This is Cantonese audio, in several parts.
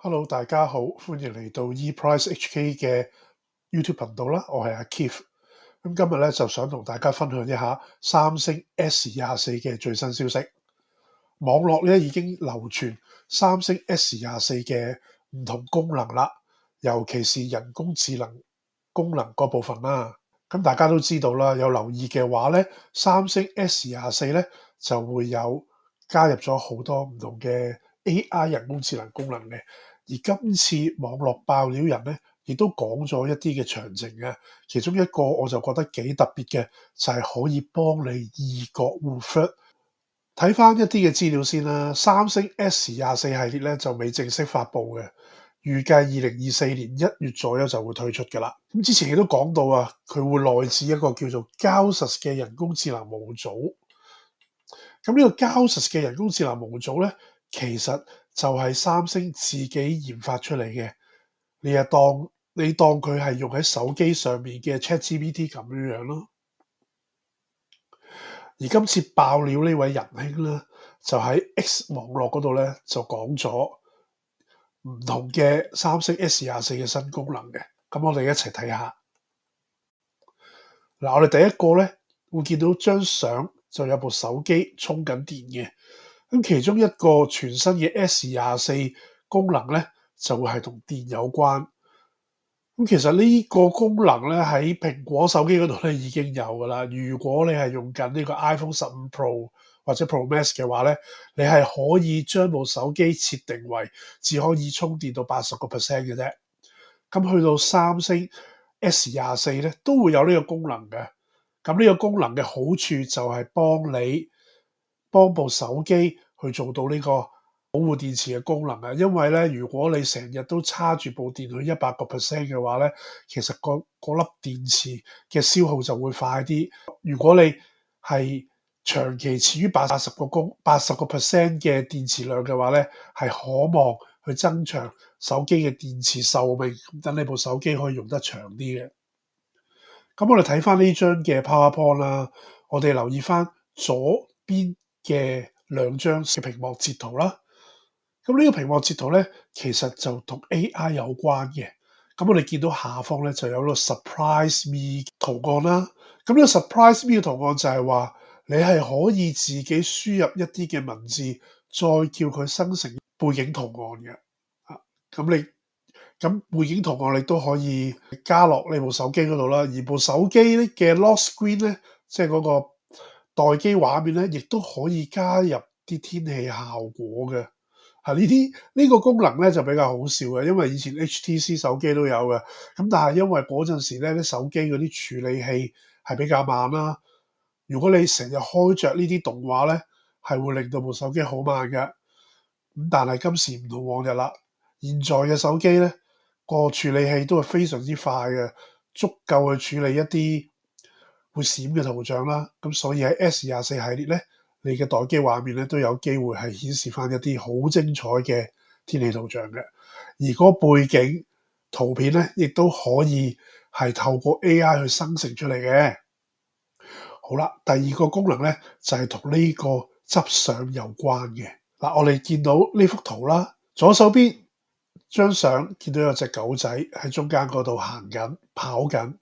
hello，大家好，歡迎嚟到 ePrice HK 嘅 YouTube 頻道啦，我係阿 Keith，咁今日咧就想同大家分享一下三星 S 廿四嘅最新消息。網絡咧已經流傳三星 S 廿四嘅唔同功能啦，尤其是人工智能功能嗰部分啦。咁大家都知道啦，有留意嘅話咧，三星 S 廿四咧就會有加入咗好多唔同嘅 AI 人工智能功能嘅。而今次網絡爆料人咧，亦都講咗一啲嘅詳情嘅，啊，其中一個我就覺得幾特別嘅，就係、是，可以幫你異國護髮。睇返一啲嘅資料先啦，啊，三星 S 廿四系列咧就未正式發布嘅，預計二零二四年一月左右就會推出㗎喇。咁之前亦都講到啊，佢會內置一個叫做 Gauss 嘅 us 人工智能模組。咁呢個 Gauss 嘅 us 人工智能模組咧？其實就係三星自己研發出嚟嘅，你又當你當佢係用喺手機上面嘅 ChatGPT 咁樣樣咯。而今次爆料呢位仁兄咧，就喺 X 網絡嗰度咧就講咗唔同嘅三星 S 廿四嘅新功能嘅，咁我哋一齊睇下。嗱，我哋第一個咧會見到張相就有部手機充緊電嘅。咁其中一個全新嘅 S 廿四功能咧，就會係同電有關。咁其實呢個功能咧喺蘋果手機嗰度咧已經有㗎喇。如果你係用緊呢個 iPhone 十五 Pro 或者 Pro Max 嘅話咧，你係可以將部手機設定為只可以充電到八十個 percent 嘅啫。咁去到三星 S 廿四咧都會有呢個功能嘅。咁呢個功能嘅好處就係幫你。幫部手機去做到呢個保護電池嘅功能呀，因為咧，如果你成日都叉住部電去一百個 percent 嘅話咧，其實個，個粒電池嘅消耗就會快啲。如果你係長期處於八十個公八十個 percent 嘅電池量嘅話咧，係可望去增長手機嘅電池壽命，等你部手機可以用得長啲嘅。咁我哋睇翻呢張嘅 PowerPoint 啦，我哋留意翻左邊。嘅兩張嘅屏幕截圖啦，咁呢個屏幕截圖咧，其實就同 AI 有關嘅。咁我哋見到下方咧就有個 Surprise Me 圖案啦。咁呢個 Surprise Me 嘅圖案就係話你係可以自己輸入一啲嘅文字，再叫佢生成背景圖案嘅。啊，咁你咁背景圖案你都可以加落你部手機嗰度啦。而部手機嘅 Lock Screen 咧，即係嗰個。待機畫面咧，亦都可以加入啲天氣效果嘅嚇。呢啲呢個功能咧就比較好笑嘅，因為以前 HTC 手機都有嘅。咁但係因為嗰陣時咧，啲手機嗰啲處理器係比較慢啦。如果你成日開着呢啲動畫咧，係會令到部手機好慢嘅。咁但係今時唔同往日啦，現在嘅手機咧個處理器都係非常之快嘅，足夠去處理一啲會閃嘅圖像啦，咁所以喺 S 廿四系列咧，你嘅待機畫面咧都有機會係顯示翻一啲好精彩嘅天氣圖像嘅，而嗰個背景圖片咧亦都可以係透過 AI 去生成出嚟嘅。好啦，第二個功能咧就係同呢個執相有關嘅。嗱，我哋見到呢幅圖啦，左手邊張相見到有隻狗仔喺中間嗰度行緊、跑緊。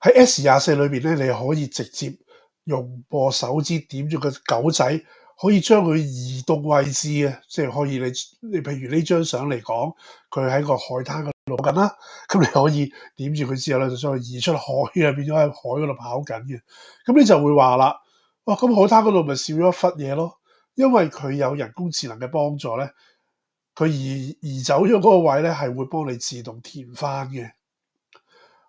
喺 S 廿四裏邊咧，你可以直接用個手指點住個狗仔，可以將佢移動位置嘅，即係可以你你譬如呢張相嚟講，佢喺個海灘嗰度緊啦，咁你可以點住佢之後咧，就將佢移出海啊，變咗喺海嗰度跑緊嘅，咁你就會話啦，哇、哦，咁海灘嗰度咪少咗一忽嘢咯，因為佢有人工智能嘅幫助咧，佢移移走咗嗰個位咧，係會幫你自動填翻嘅。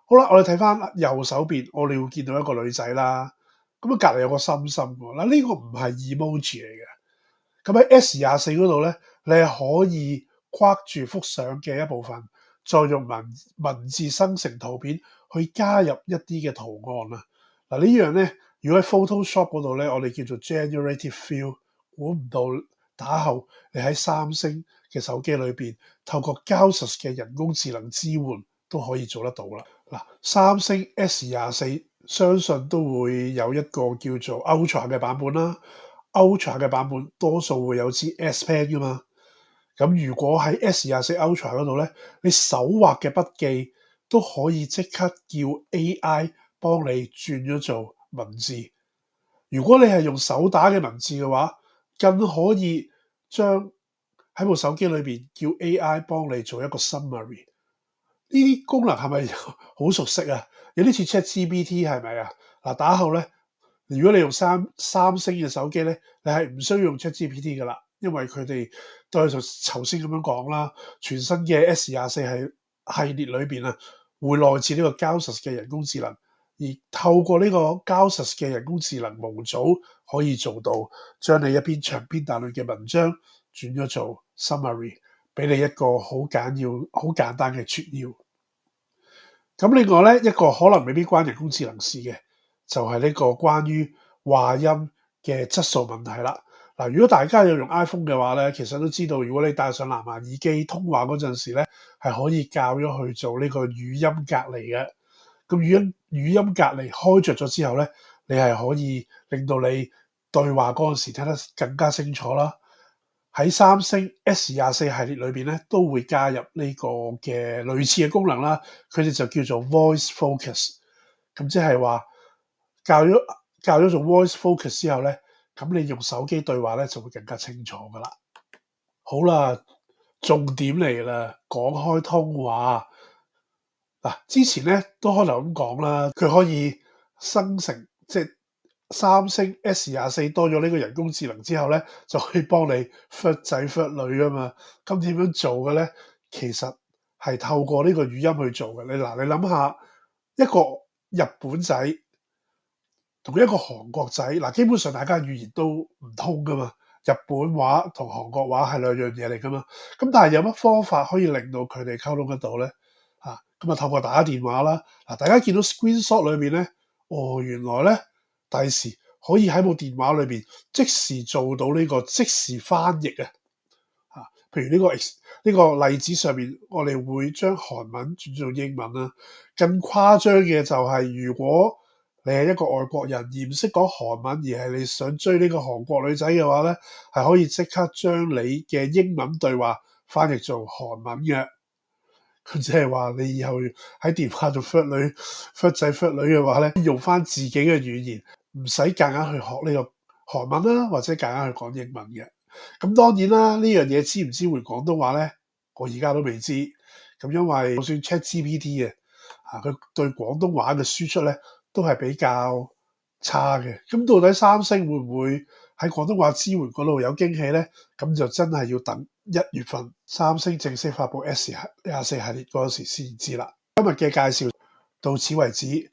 好啦，我哋睇翻右手邊，我哋會見到一個女仔啦。咁啊，隔籬有個心心。嗱、這個，呢個唔係 emoji 嚟嘅。咁喺 S 廿四嗰度咧，你係可以框住幅相嘅一部分，再用文文字生成圖片去加入一啲嘅圖案啊。嗱呢樣咧，如果喺 Photoshop 嗰度咧，我哋叫做 generative fill。估唔到打後，你喺三星嘅手機裏邊，透過 Gauss 嘅 us 人工智能支援都可以做得到啦。三星 S 廿四相信都會有一個叫做 Ultra 嘅版本啦。Ultra 嘅版本多數會有支 S Pen 噶嘛。咁如果喺 S 廿四 Ultra 度咧，你手畫嘅筆記都可以即刻叫 AI 幫你轉咗做文字。如果你係用手打嘅文字嘅話，更可以將喺部手機裏邊叫 AI 幫你做一個 summary。呢啲功能係咪好熟悉啊？有啲似 ChatGPT 係咪啊？嗱，打後咧，如果你用三三星嘅手機咧，你係唔需要用 ChatGPT 㗎啦，因為佢哋都係就頭先咁樣講啦。全新嘅 S 廿四係系列裏邊啊，會內置呢個 Gaussus 嘅人工智能，而透過呢個 Gaussus 嘅人工智能模組，可以做到將你一篇長篇大論嘅文章轉咗做 summary，俾你一個好簡要、好簡單嘅撮要。咁另外咧，一個可能未必關人工智能事嘅，就係呢個關於話音嘅質素問題啦。嗱，如果大家有用 iPhone 嘅話咧，其實都知道，如果你戴上藍牙耳機通話嗰陣時咧，係可以較咗去做呢個語音隔離嘅。咁語音語音隔離開着咗之後咧，你係可以令到你對話嗰陣時聽得更加清楚啦。喺三星 S 廿四系列裏邊咧，都會加入呢個嘅類似嘅功能啦。佢哋就叫做 Voice Focus，咁即係話教咗教咗做 Voice Focus 之後咧，咁你用手機對話咧就會更加清楚㗎喇。好啦，重點嚟啦，講開通話嗱，之前咧都開頭咁講啦，佢可以生成即係。三星 S 廿四多咗呢個人工智能之後咧，就可以幫你揈仔揈女噶嘛。咁點樣做嘅咧？其實係透過呢個語音去做嘅。你嗱，你諗下一個日本仔同一個韓國仔，嗱基本上大家語言都唔通噶嘛。日本話同韓國話係兩樣嘢嚟噶嘛。咁但係有乜方法可以令到佢哋溝通得到咧？嚇咁啊，透過打電話啦。嗱，大家見到 screenshot 裏面咧，哦，原來咧～第時可以喺部電話裏邊即時做到呢個即時翻譯啊！啊，譬如呢、呢個呢、呢個例子上面，我哋會將韓文轉做英文啊。更誇張嘅就係、是，如果你係一個外國人，而唔識講韓文，而係你想追呢個韓國女仔嘅話咧，係可以即刻將你嘅英文對話翻譯做韓文嘅。即係話你以後喺電話度 f u c 女、f u c 仔、f u c 女嘅話咧，用翻自己嘅語言。唔使夾硬去學呢個韓文啦、啊，或者夾硬去講英文嘅。咁當然啦，呢樣嘢支唔支援廣東話呢？我而家都未知。咁因為就算 ChatGPT 嘅，啊，佢對廣東話嘅輸出呢都係比較差嘅。咁到底三星會唔會喺廣東話支援嗰度有驚喜呢？咁就真係要等一月份三星正式發布 S 24系列嗰陣時先知啦。今日嘅介紹到此為止。